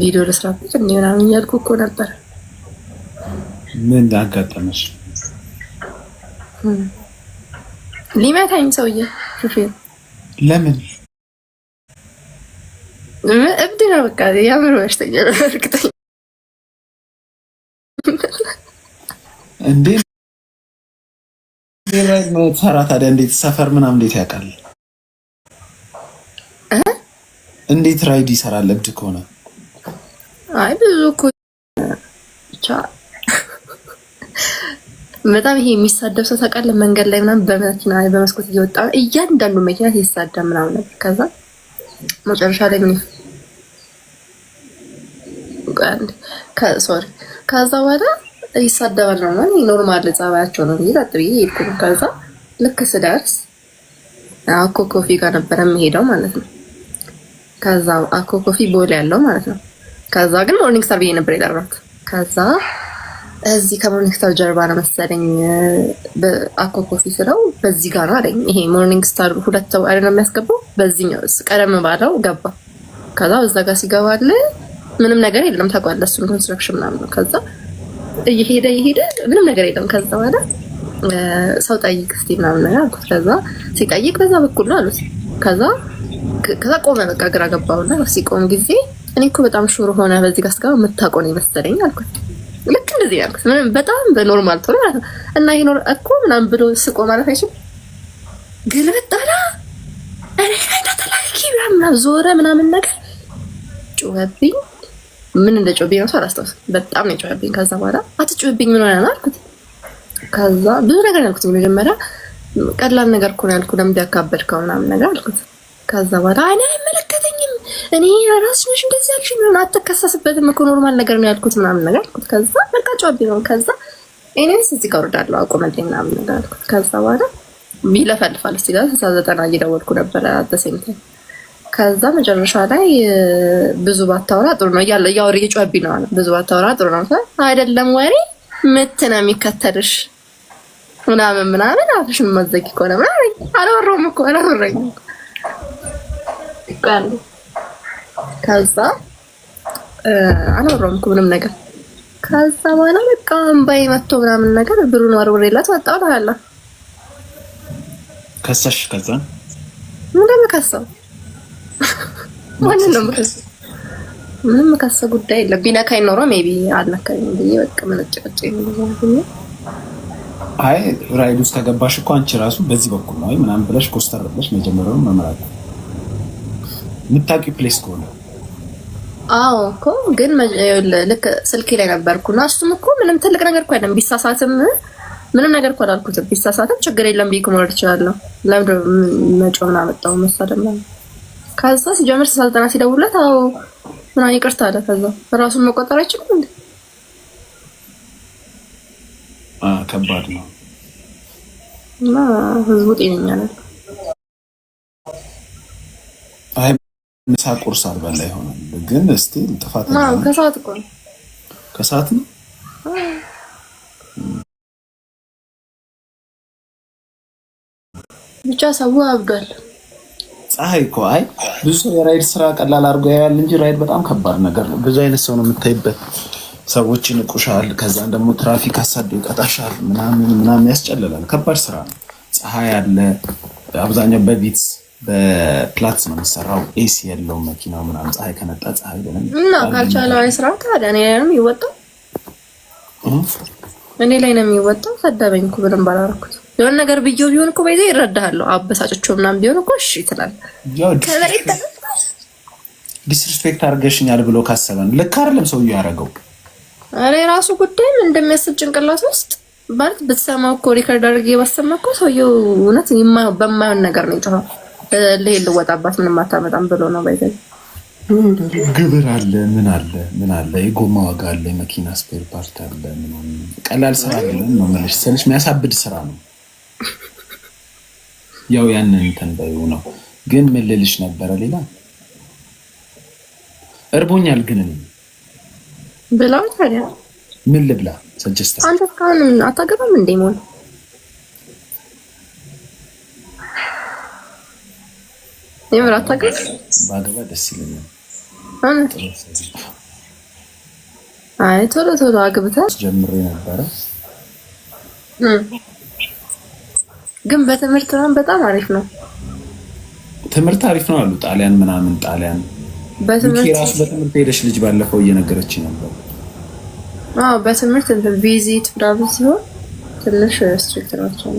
ቪዲዮ ለስራ ፍቅ ምናምን እያልኩ እኮ ነበር። ምን አጋጠመሽ? ሊመታኝ ሰውዬ ሹፌር። ለምን እብድ ነው በቃ የአእምሮ በሽተኛ ነው። እርግጠኛ እንዴ ሰራ ታዲያ እንዴት ሰፈር ምናምን እንዴት ያውቃል? እንዴት ራይድ ይሰራል እብድ ከሆነ አይ ብዙ እኮ ብቻ በጣም ይሄ የሚሳደብ ሰው ታውቃለህ፣ መንገድ ላይ ምናምን በመኪና በመስኮት እየወጣ እያንዳንዱ መኪና ሲሳደብ ምናምን ነበር። ከዛ መጨረሻ ላይ ምን ሶሪ፣ ከዛ በኋላ ይሳደባል ነው ማለት ኖርማል ጸባያቸው ነው። ይሄ ታጥቢ ሄድኩ። ከዛ ልክ ስደርስ አኮ ኮፊ ጋር ነበረ የምሄደው ማለት ነው። ከዛ አኮ ኮፊ ቦሌ ያለው ማለት ነው። ከዛ ግን ሞርኒንግ ስታር ብዬ ነበር የጠራሁት። ከዛ እዚህ ከሞርኒንግ ስታር ጀርባ ነው መሰለኝ ኮፊ ስለው በዚህ ጋር ነው አለኝ። ይሄ ሞርኒንግ ስታር ሁለት ሰው አይደለም የሚያስገባው፣ በዚህኛው ቀደም ባለው ገባ። ከዛ እዛ ጋር ሲገባል ምንም ነገር የለም ተቋለ እሱም ኮንስትራክሽን ምናምን ነው። ከዛ እየሄደ እየሄደ ምንም ነገር የለም። ከዛ በኋላ ሰው ጠይቅ እስኪ ምናምን ነገር አልኩት። ከዛ ሲጠይቅ በዛ በኩል ነው አሉት። ከዛ ከዛ ቆመ። በቃ ግራ ገባውና ሲቆም ጊዜ እኔ እኮ በጣም ሹር ሆነ በዚህ ጋር ስገባ የምታውቀው ነው የመሰለኝ አልኩት። ልክ እንደዚህ ያልኩት ምንም በጣም በኖርማል ቶሎ ማለት ነው። እና ይሄ ኖር እኮ ምናምን ብሎ ስቆ ማለት አይችልም። ግልብጥ አለ እኔ ላይ ተተላኪ ምናምን ዞረ ምናምን ነገር ጩኸብኝ። ምን እንደ ጮቤ ነው አላስታውስም። በጣም ነው የጮኸብኝ። ከዛ በኋላ አትጮኸብኝ ምን ሆነ አልኩት። ከዛ ብዙ ነገር ያልኩት መጀመሪያ ቀላል ነገር እኮ ነው ያልኩት። ለምን ያካበድከው ምናምን ነገር አልኩት። ከዛ በኋላ እኔ አይመለከተኝም እኔ ራስሽ እንደ ያልሽ ምን አትከሰስበትም እኮ ኖርማል ነገር ነው ያልኩት ምናምን ነገር አልኩት። ከዛ በቃ ጮቢ ነው። ከዛ እኔን እዚህ ጋር ወርዳለሁ አቁመልኝ ምናምን ነገር አልኩት። ከዛ በኋላ ይለፈልፋል እዚህ ጋር ስልሳ ዘጠና እየደወልኩ ነበረ አደሰኝተን ከዛ መጨረሻ ላይ ብዙ ባታወራ ጥሩ ነው እያለ እያወር እየጮቢ ነው አለ። ብዙ ባታወራ ጥሩ ነው አይደለም ወሬ ምት ነው የሚከተልሽ ምናምን ምናምን አፍሽ መዘግ ከሆነ ምናምን አላወራሁም እኮ አላወራኝ ቃሉ ከዛ አላወራሁም ምንም ነገር። ከዛ በኋላ በቃ እምባዬ መጥቶ ምናምን ነገር ብሩን ወርውሬላት ወጣሁ ታላ ከሰሽ። ከዛ ምን ለምከሰው ማንን ነው የምከሰው? ምንም የምከሰው ጉዳይ የለም። ቢነካኝ ኖሮ ሜቢ አልነካኝ ብዬ በቃ መነጨቀጨ ነው። አይ ራይድ ውስጥ ከገባሽ እኮ አንቺ ራሱ በዚህ በኩል ነው ምናምን ብለሽ ኮስተር ብለሽ መጀመሪያውን መምራት የምታውቂው ፕሌስ ከሆነ አዎ እኮ ግን ልክ ስልኬ ላይ ነበርኩና እሱም እኮ ምንም ትልቅ ነገር እኮ አይደለም። ቢሳሳትም ምንም ነገር እኮ አላልኩትም። ቢሳሳትም ችግር የለም ብዬ መኖር እችላለሁ። ለምንድን መጮህ ምናምን አመጣው መሳደብ ምናምን። ከዛ ሲጀምር ስልጠና ሲደውለት አዎ ምናምን ይቅርታ አለ። ከዛ ራሱን መቆጠር አይችልም እንዴ? ከባድ ነው። እና ህዝቡ ጤነኛ ነበር። ምሳ ቁርስ አልበላ ይሆናል፣ ግን እስቲ ጥፋት ከሰዓት እኮ ነው፣ ከሰዓት ነው። ብቻ ሰው አብዷል። ፀሐይ እኮ አይ ብዙ ሰው የራይድ ስራ ቀላል አድርጎ ያያል እንጂ ራይድ በጣም ከባድ ነገር ነው። ብዙ አይነት ሰው ነው የምታይበት። ሰዎች ይንቁሻል፣ ከዛም ደግሞ ትራፊክ አሳዶ ይቀጣሻል፣ ምናምን ምናምን ያስጨልላል። ከባድ ስራ ነው። ፀሐይ አለ አብዛኛው በቢትስ በፕላትስ ነው የሚሰራው። ኤሲ ያለው መኪናው ምናምን ፀሐይ ከነጣ ፀሐይ እና ካልቻለ ስራ ታዲያ እኔ ላይ ነው የሚወጣው፣ እኔ ላይ ነው የሚወጣው። ሰደበኝ እኮ ብለን ባላረኩት የሆነ ነገር ብዬው ቢሆን እኮ በይዘ ይረዳሃለሁ። አበሳጭቸው ምናምን ቢሆን እኮ እሺ ትላለህ። ዲስሪስፔክት አድርገሽኛል ብሎ ካሰበን ልክ አይደለም ሰውዬው ያደረገው። እኔ ራሱ ጉዳይም እንደሚያስብ ጭንቅላት ውስጥ ማለት ብትሰማው እኮ ሪከርድ አድርጌ ባሰማ እኮ ሰውዬው እውነት በማየውን ነገር ነው ይጮሃል ልሄድ ልወጣባት ምንም አታመጣም ብሎ ነው ባይዘ ግብር አለ ምን አለ ምን አለ የጎማ ዋጋ አለ የመኪና ስፔር ፓርት አለ ቀላል ስራ አለ ነው የምልሽ ስልሽ የሚያሳብድ ስራ ነው ያው ያንን ተንበዩ ነው ግን ምን ልልሽ ነበረ ሌላ እርቦኛል ግን ብላው ታዲያ ምን ልብላ ሰጀስታ አንተ እስካሁን አታገባም እንዴ ሞን የምር አታውቅም? ባገባ ደስ ይለኛል። አይ ቶሎ ቶሎ አግብተህ ጀምሮ ነበረ። ግን በትምህርት ምናምን በጣም አሪፍ ነው። ትምህርት አሪፍ ነው አሉ ጣሊያን ምናምን ጣሊያን ራሱ በትምህርት ሄደች ልጅ ባለፈው እየነገረች ነበር። በትምህርት ቪዚት ምናምን ሲሆን ትንሽ ስትሪክት ናቸው።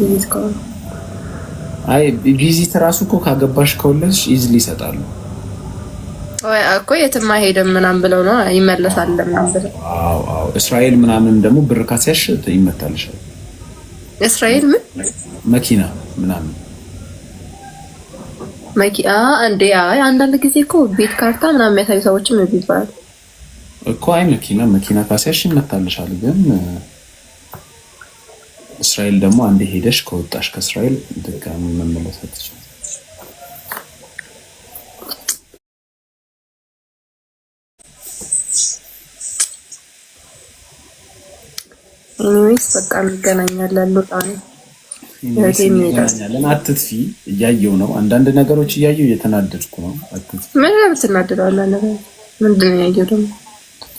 ቪዚት ከሆነ አይ ቪዚት ራሱ እኮ ካገባሽ ከወለድሽ ኢዝሊ ይሰጣሉ እኮ የትም አይሄድም ምናምን ብለው ነው ይመለሳል ምናምን ብለው። አዎ አዎ። እስራኤል ምናምን ደግሞ ብር ካስያሽ ይመታልሻል። እስራኤል ምን መኪና ምናምን መኪና እንዴ? አይ አንዳንድ ጊዜ እኮ ቤት ካርታ ምናምን የሚያሳዩ ሰዎችም ይባላል እኮ። አይ መኪና መኪና ካስያሽ ይመታልሻል ግን እስራኤል ደግሞ አንድ ሄደሽ ከወጣሽ ከእስራኤል ድጋሚ መመለስ አትችልም። ኢኒዌይስ በቃ አትጥፊ። እያየው ነው አንዳንድ ነገሮች እያየው እየተናደድኩ ነው። ምን ብትናደደዋለ? ምንድን ነው ያየው ደግሞ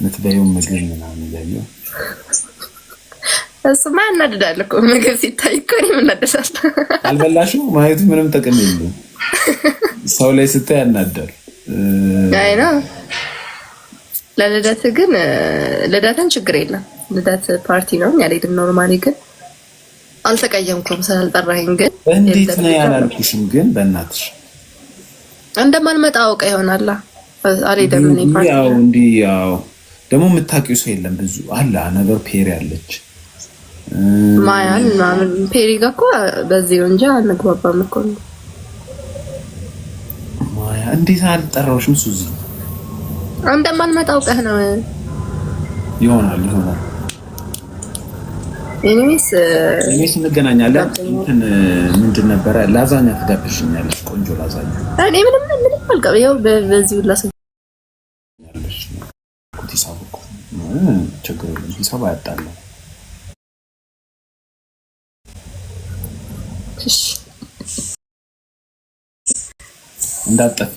ምትበየው ምግብ ምናምን እያየው እሱማ ያናድዳል እኮ ምግብ ሲታይ እኮ እኔም እናደዳለሁ። አልበላሽም ማየቱ ምንም ጥቅም የለም። ሰው ላይ ስታይ ያናዳል። አይ ነው ለልደት ግን ልደትን ችግር የለም ልደት ፓርቲ ነው ያልሄድም። ኖርማሊ ግን አልተቀየምኩም ስላልጠራኸኝ። ግን እንዴት ነው ያላልኩሽም? ግን በእናትሽ እንደማልመጣ አውቀ ይሆናላ አልሄድም። ያው እንዲህ ያው ደግሞ የምታውቂው ሰው የለም ብዙ አላ ነገር ፔር ያለች ማያን ምናምን ፔሪ ጋር እኮ በዚህ እንጂ አንግባባም እኮ ነው። ማያ እንዴት አልጠራሁሽም? ሱዚ እንደማልመጣ አውቀህ ነው ይሆናል ይሆናል። እኔስ እኔስ እንገናኛለን። እንትን ምንድን ነበረ ላዛኛ ትጋብሽኛለሽ? ቆንጆ ላዛኛ እኔ ምንም ምንም አልቀበ ያው በዚህ ሁላ ያለሽ ቁቲ ሳብ እኮ ችግር የለም ሂሳብ አያጣልም እንዳጠፊ